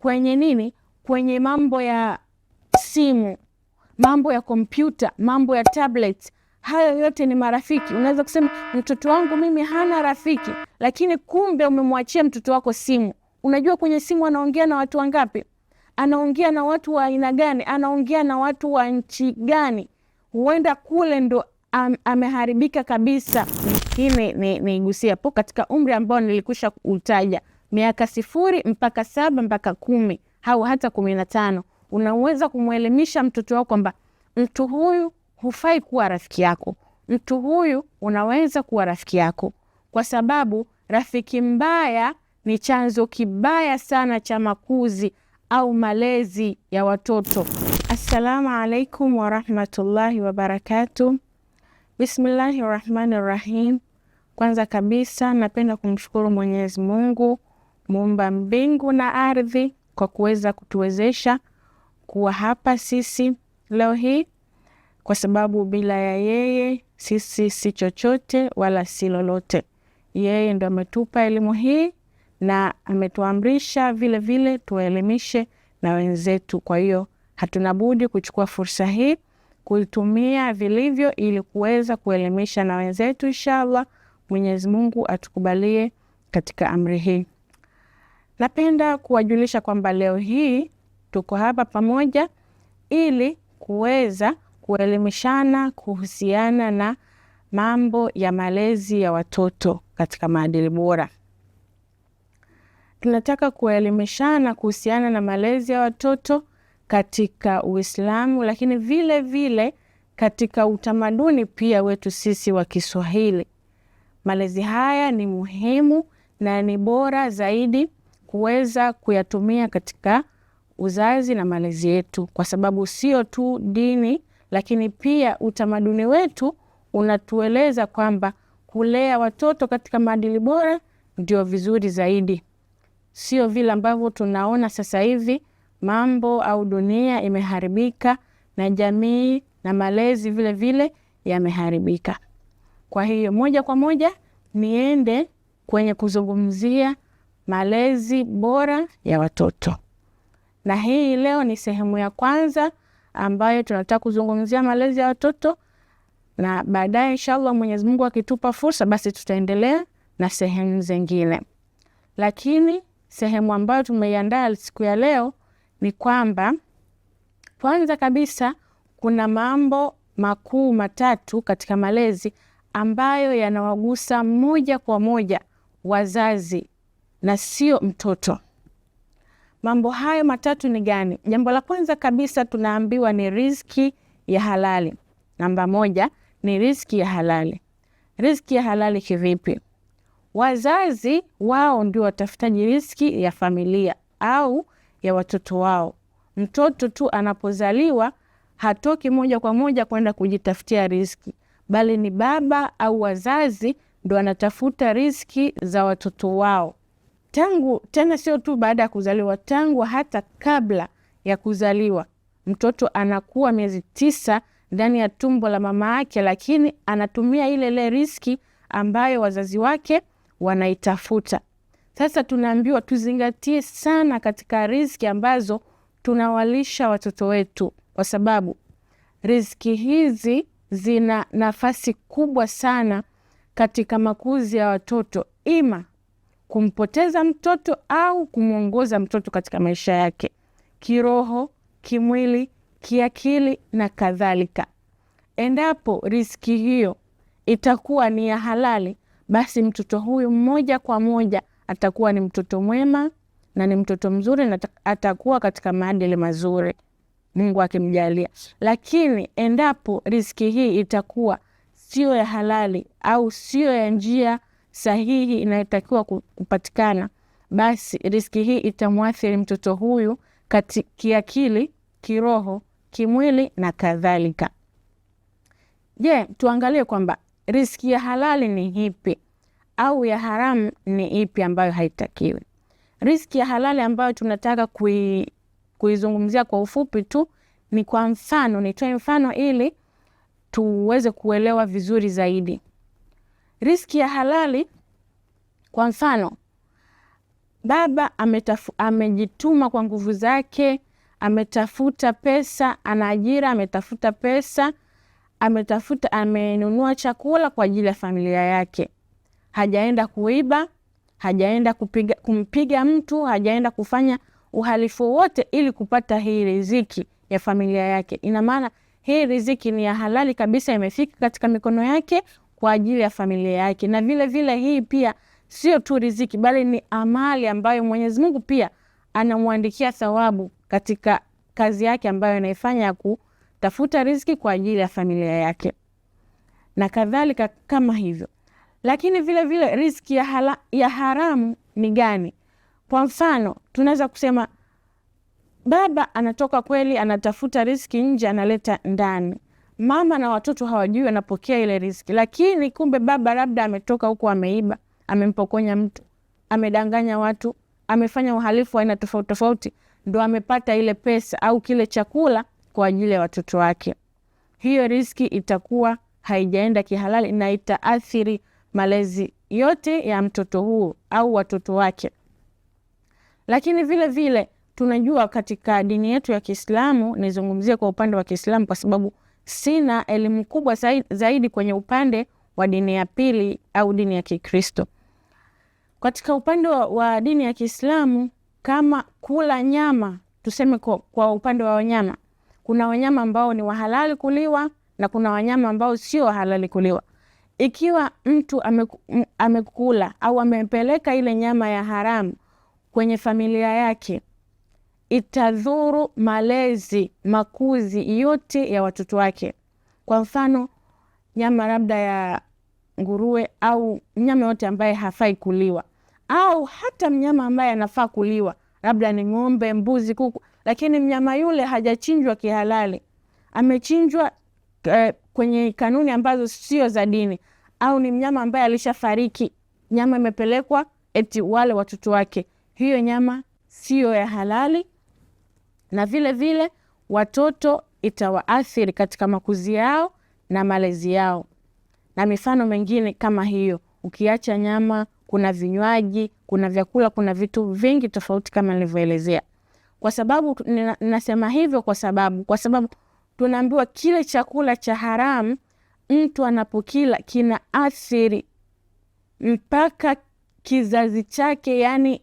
kwenye nini, kwenye mambo ya simu, mambo ya kompyuta, mambo ya tablet. Hayo yote ni marafiki. Unaweza kusema mtoto wangu mimi hana rafiki, lakini kumbe umemwachia mtoto wako simu. Unajua kwenye simu anaongea na watu wangapi? Anaongea na watu wa aina gani? Anaongea na watu wa nchi gani? Huenda kule ndo am, ameharibika kabisa. Hii niigusia ni, ni po katika umri ambao nilikusha utaja miaka sifuri mpaka saba mpaka kumi au hata kumi na tano unaweza kumwelimisha mtoto wako kwamba mtu huyu hufai kuwa rafiki yako, mtu huyu unaweza kuwa rafiki yako, kwa sababu rafiki mbaya ni chanzo kibaya sana cha makuzi au malezi ya watoto. Assalamu alaikum warahmatullahi wabarakatu. Bismillahi rahmani rahim. Kwanza kabisa napenda kumshukuru Mwenyezi Mungu muumba mbingu na ardhi, kwa kuweza kutuwezesha kuwa hapa sisi leo hii, kwa sababu bila ya yeye sisi si chochote wala si lolote. Yeye ndo ametupa elimu hii na ametuamrisha vilevile tuwaelimishe na wenzetu. Kwa hiyo hatuna budi kuchukua fursa hii kuitumia vilivyo, ili kuweza kuelimisha na wenzetu. Inshallah, Mwenyezi Mungu atukubalie katika amri hii. Napenda kuwajulisha kwamba leo hii tuko hapa pamoja ili kuweza kuelimishana kuhusiana na mambo ya malezi ya watoto katika maadili bora. Tunataka kuelimishana kuhusiana na malezi ya watoto katika Uislamu, lakini vile vile katika utamaduni pia wetu sisi wa Kiswahili. Malezi haya ni muhimu na ni bora zaidi kuweza kuyatumia katika uzazi na malezi yetu, kwa sababu sio tu dini, lakini pia utamaduni wetu unatueleza kwamba kulea watoto katika maadili bora ndio vizuri zaidi, sio vile ambavyo tunaona sasa hivi. Mambo au dunia imeharibika na jamii na malezi vile vile yameharibika. Kwa hiyo moja kwa moja niende kwenye kuzungumzia malezi bora ya watoto, na hii leo ni sehemu ya kwanza ambayo tunataka kuzungumzia malezi ya watoto, na baadaye inshallah Mwenyezi Mungu akitupa fursa, basi tutaendelea na sehemu zingine, lakini sehemu ambayo tumeiandaa siku ya leo ni kwamba kwanza kabisa kuna mambo makuu matatu katika malezi ambayo yanawagusa moja kwa moja wazazi na sio mtoto. Mambo hayo matatu ni gani? Jambo la kwanza kabisa tunaambiwa ni riziki ya halali. Namba moja ni riziki ya halali. Riziki ya halali kivipi? Wazazi wao ndio watafutaji riziki ya familia au ya watoto wao. Mtoto tu anapozaliwa hatoki moja kwa moja kwenda kujitafutia riziki, bali ni baba au wazazi ndo anatafuta riziki za watoto wao tangu tena, sio tu baada ya kuzaliwa, tangu hata kabla ya kuzaliwa. Mtoto anakuwa miezi tisa ndani ya tumbo la mama yake, lakini anatumia ile ile riski ambayo wazazi wake wanaitafuta. Sasa tunaambiwa tuzingatie sana katika riski ambazo tunawalisha watoto wetu, kwa sababu riski hizi zina nafasi kubwa sana katika makuzi ya watoto, ima kumpoteza mtoto au kumwongoza mtoto katika maisha yake kiroho, kimwili, kiakili na kadhalika. Endapo riski hiyo itakuwa ni ya halali, basi mtoto huyu moja kwa moja atakuwa ni mtoto mwema na ni mtoto mzuri na atakuwa katika maadili mazuri, Mungu akimjalia. Lakini endapo riski hii itakuwa sio ya halali au sio ya njia sahihi inayotakiwa kupatikana, basi riski hii itamwathiri mtoto huyu kati kiakili, kiroho, kimwili na kadhalika. Je, tuangalie kwamba riski ya halali ni ipi au ya haramu ni ipi ambayo haitakiwi. Riski ya halali ambayo tunataka kui, kuizungumzia kwa ufupi tu ni kwa mfano, nitoe mfano ili tuweze kuelewa vizuri zaidi. Riski ya halali, kwa mfano, baba ametafu, amejituma kwa nguvu zake, ametafuta pesa, ana ajira, ametafuta pesa, ametafuta, amenunua chakula kwa ajili ya familia yake, hajaenda kuiba, hajaenda kupiga, kumpiga mtu, hajaenda kufanya uhalifu wote ili kupata hii riziki ya familia yake. Ina maana hii riziki ni ya halali kabisa, imefika katika mikono yake kwa ajili ya familia yake. Na vile vile hii pia sio tu riziki, bali ni amali ambayo Mwenyezi Mungu pia anamwandikia thawabu katika kazi yake ambayo anaifanya ya kutafuta riziki kwa ajili ya familia yake na kadhalika kama hivyo. Lakini vile vile riziki ya, hala, ya haramu ni gani? Kwa mfano tunaweza kusema baba anatoka kweli, anatafuta riziki nje, analeta ndani mama na watoto hawajui wanapokea ile riziki, lakini kumbe baba labda ametoka huko, ameiba, amempokonya mtu, amedanganya watu, amefanya uhalifu aina tofauti tofauti, ndo amepata ile pesa au kile chakula kwa ajili ya watoto wake. Hiyo riziki itakuwa haijaenda kihalali na itaathiri malezi yote ya mtoto huu au watoto wake. Lakini vile vile tunajua katika dini yetu ya Kiislamu, nizungumzie kwa upande wa Kiislamu kwa sababu sina elimu kubwa zaidi kwenye upande wa dini ya pili au dini ya Kikristo. Katika upande wa, dini ya Kiislamu kama kula nyama, tuseme kwa, kwa upande wa wanyama, kuna wanyama ambao ni wahalali kuliwa na kuna wanyama ambao sio wahalali kuliwa. Ikiwa mtu amekula au amepeleka ile nyama ya haramu kwenye familia yake itadhuru malezi, makuzi yote ya watoto wake. Kwa mfano, nyama labda ya nguruwe au mnyama yote ambaye hafai kuliwa au hata mnyama ambaye anafaa kuliwa, labda ni ng'ombe, mbuzi, kuku, lakini mnyama yule hajachinjwa kihalali, amechinjwa eh, kwenye kanuni ambazo sio za dini, au ni mnyama ambaye alishafariki, nyama imepelekwa eti wale watoto wake, hiyo nyama siyo ya halali na vile vile watoto itawaathiri katika makuzi yao na malezi yao na mifano mengine kama hiyo. Ukiacha nyama, kuna vinywaji, kuna vyakula, kuna vitu vingi tofauti kama nilivyoelezea. Kwa sababu nasema hivyo kwa sababu kwa sababu tunaambiwa kile chakula cha haramu mtu anapokila kina athiri mpaka kizazi chake, yani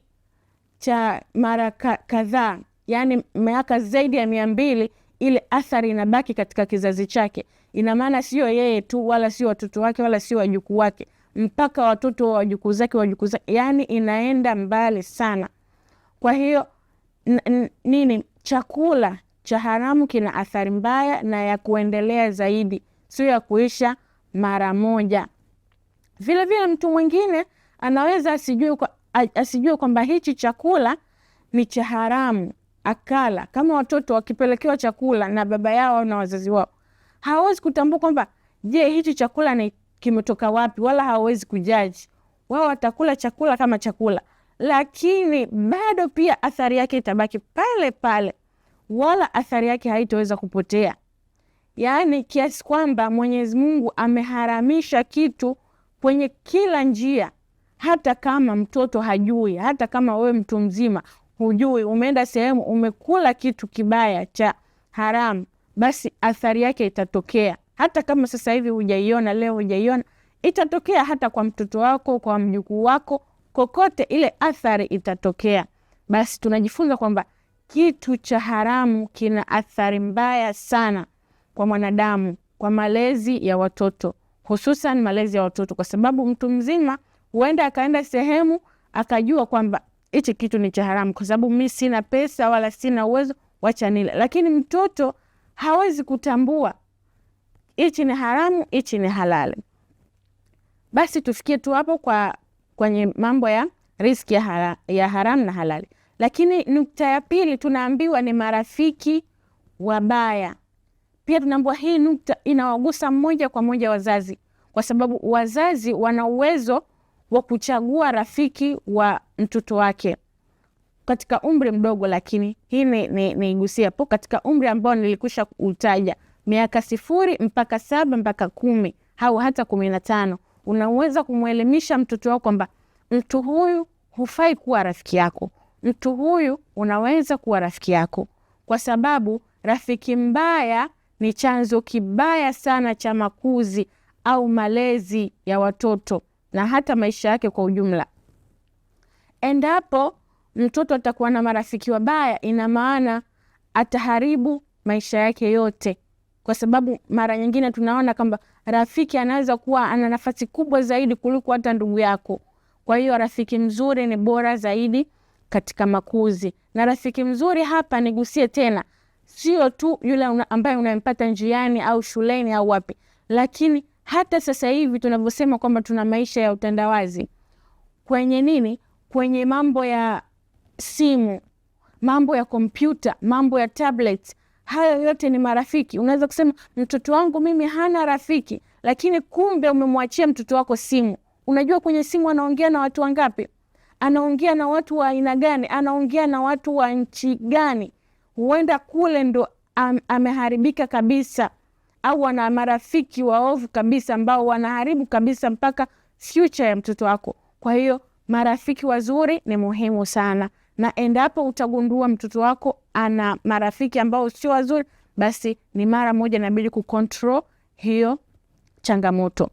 cha mara kadhaa yani miaka zaidi ya mia mbili, ile athari inabaki katika kizazi chake. Ina maana sio yeye tu, wala sio watoto wake, wala sio wajukuu wake, mpaka watoto wa wajukuu zake, wajukuu zake, yani inaenda mbali sana. Kwa hiyo nini, chakula cha haramu kina athari mbaya na ya kuendelea zaidi, sio ya kuisha mara moja. Vilevile mtu mwingine anaweza asijue kwamba hichi chakula ni cha haramu, akala. Kama watoto wakipelekewa chakula na baba yao au na wazazi wao, hawawezi kutambua kwamba je, hichi chakula ni kimetoka wapi, wala hawawezi kujaji. Wao watakula chakula kama chakula, lakini bado pia athari yake itabaki pale pale, wala athari yake haitoweza kupotea. Yaani kiasi kwamba Mwenyezi Mungu ameharamisha kitu kwenye kila njia, hata kama mtoto hajui, hata kama wewe mtu mzima hujui, umeenda sehemu umekula kitu kibaya cha haramu, basi athari yake itatokea, hata kama sasa hivi hujaiona, leo hujaiona, itatokea hata kwa mtoto wako, kwa mjukuu wako, kokote ile athari itatokea. Basi tunajifunza kwamba kitu cha haramu kina athari mbaya sana kwa mwanadamu, kwa malezi ya watoto, hususan malezi ya watoto, kwa sababu mtu mzima huenda akaenda sehemu akajua kwamba hichi kitu ni cha haramu, kwa sababu mi sina pesa wala sina uwezo, wacha nile. Lakini mtoto hawezi kutambua hichi ni haramu, hichi ni halali. Basi tufikie tu hapo kwa kwenye mambo ya riski ya, hara, ya haramu na halali. Lakini nukta ya pili tunaambiwa ni marafiki wabaya. Pia tunaambiwa hii nukta inawagusa moja kwa moja wazazi, kwa sababu wazazi wana uwezo wa kuchagua rafiki wa mtoto wake katika umri mdogo, lakini hii niigusia ni, ni po katika umri ambao nilikusha utaja miaka sifuri mpaka saba mpaka kumi au hata kumi na tano unaweza kumwelimisha mtoto wako kwamba mtu huyu hufai kuwa rafiki yako, mtu huyu unaweza kuwa rafiki yako, kwa sababu rafiki mbaya ni chanzo kibaya sana cha makuzi au malezi ya watoto na hata maisha yake kwa ujumla. Endapo mtoto atakuwa na marafiki wabaya, ina maana ataharibu maisha yake yote, kwa sababu mara nyingine tunaona kwamba rafiki anaweza kuwa ana nafasi kubwa zaidi kuliko hata ndugu yako. Kwa hiyo rafiki mzuri ni bora zaidi katika makuzi, na rafiki mzuri hapa nigusie tena, sio tu yule ambaye unampata njiani au shuleni au wapi, lakini hata sasa hivi tunavyosema kwamba tuna maisha ya utandawazi kwenye nini, kwenye mambo ya simu, mambo ya kompyuta, mambo ya tablet, hayo yote ni marafiki. Unaweza kusema mtoto wangu mimi hana rafiki, lakini kumbe umemwachia mtoto wako simu. Unajua kwenye simu anaongea na watu wangapi? Anaongea na watu wa aina gani? Anaongea na watu wa nchi gani? Huenda kule ndo am, ameharibika kabisa au wana marafiki waovu kabisa ambao wanaharibu kabisa mpaka future ya mtoto wako. Kwa hiyo marafiki wazuri ni muhimu sana, na endapo utagundua mtoto wako ana marafiki ambao sio wazuri, basi ni mara moja inabidi kucontrol hiyo changamoto.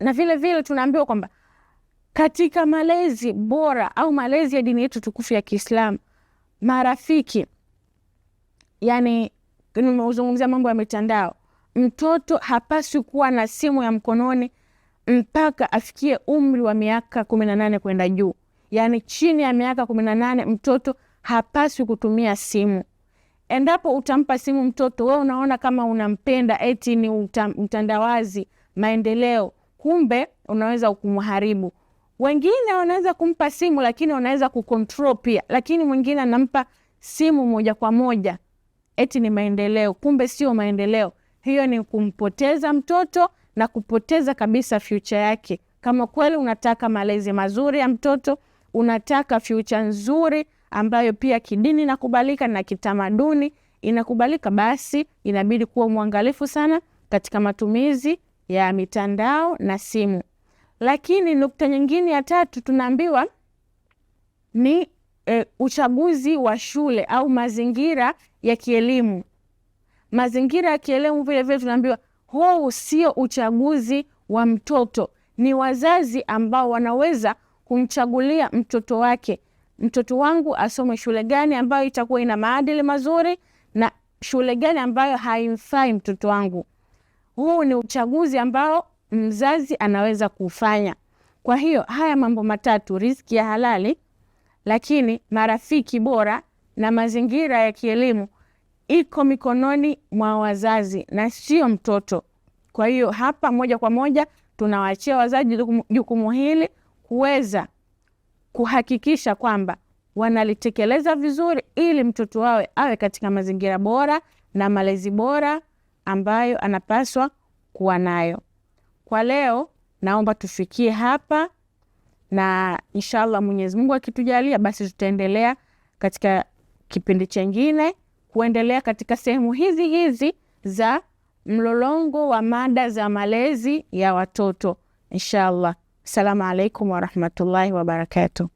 Na vile vile tunaambiwa kwamba katika malezi bora au malezi ya dini yetu tukufu ya Kiislamu, marafiki yani nimezungumzia mambo ya mitandao. Mtoto hapaswi kuwa na simu ya mkononi mpaka afikie umri wa miaka kumi na nane kwenda juu, yaani chini ya miaka kumi na nane mtoto hapaswi kutumia simu. Endapo utampa simu mtoto, we unaona kama unampenda, eti ni mtandawazi, maendeleo, kumbe unaweza kumharibu. Wengine wanaweza kumpa simu, lakini wanaweza kukontrol pia, lakini mwingine anampa simu moja kwa moja eti ni maendeleo, kumbe sio maendeleo. Hiyo ni kumpoteza mtoto na kupoteza kabisa future yake. Kama kweli unataka malezi mazuri ya mtoto, unataka future nzuri ambayo pia kidini inakubalika na kitamaduni inakubalika, basi inabidi kuwa mwangalifu sana katika matumizi ya mitandao na simu. Lakini nukta nyingine ya tatu tunaambiwa ni e, uchaguzi wa shule au mazingira ya kielimu. Mazingira ya kielimu vile vile tunaambiwa huu sio uchaguzi wa mtoto, ni wazazi ambao wanaweza kumchagulia mtoto wake, mtoto wangu asome shule gani ambayo itakuwa ina maadili mazuri na shule gani ambayo haimfai mtoto wangu. Huu ni uchaguzi ambao mzazi anaweza kufanya. Kwa hiyo haya mambo matatu, riziki ya halali lakini marafiki bora na mazingira ya kielimu iko mikononi mwa wazazi na sio mtoto. Kwa hiyo hapa moja kwa moja tunawaachia wazazi jukumu hili kuweza kuhakikisha kwamba wanalitekeleza vizuri, ili mtoto wawe awe katika mazingira bora na malezi bora ambayo anapaswa kuwa nayo. Kwa leo naomba tufikie hapa na inshallah Mwenyezi Mungu akitujalia, basi tutaendelea katika kipindi chengine kuendelea katika sehemu hizi hizi za mlolongo wa mada za malezi ya watoto inshallah. Assalamu alaikum warahmatullahi wabarakatuh.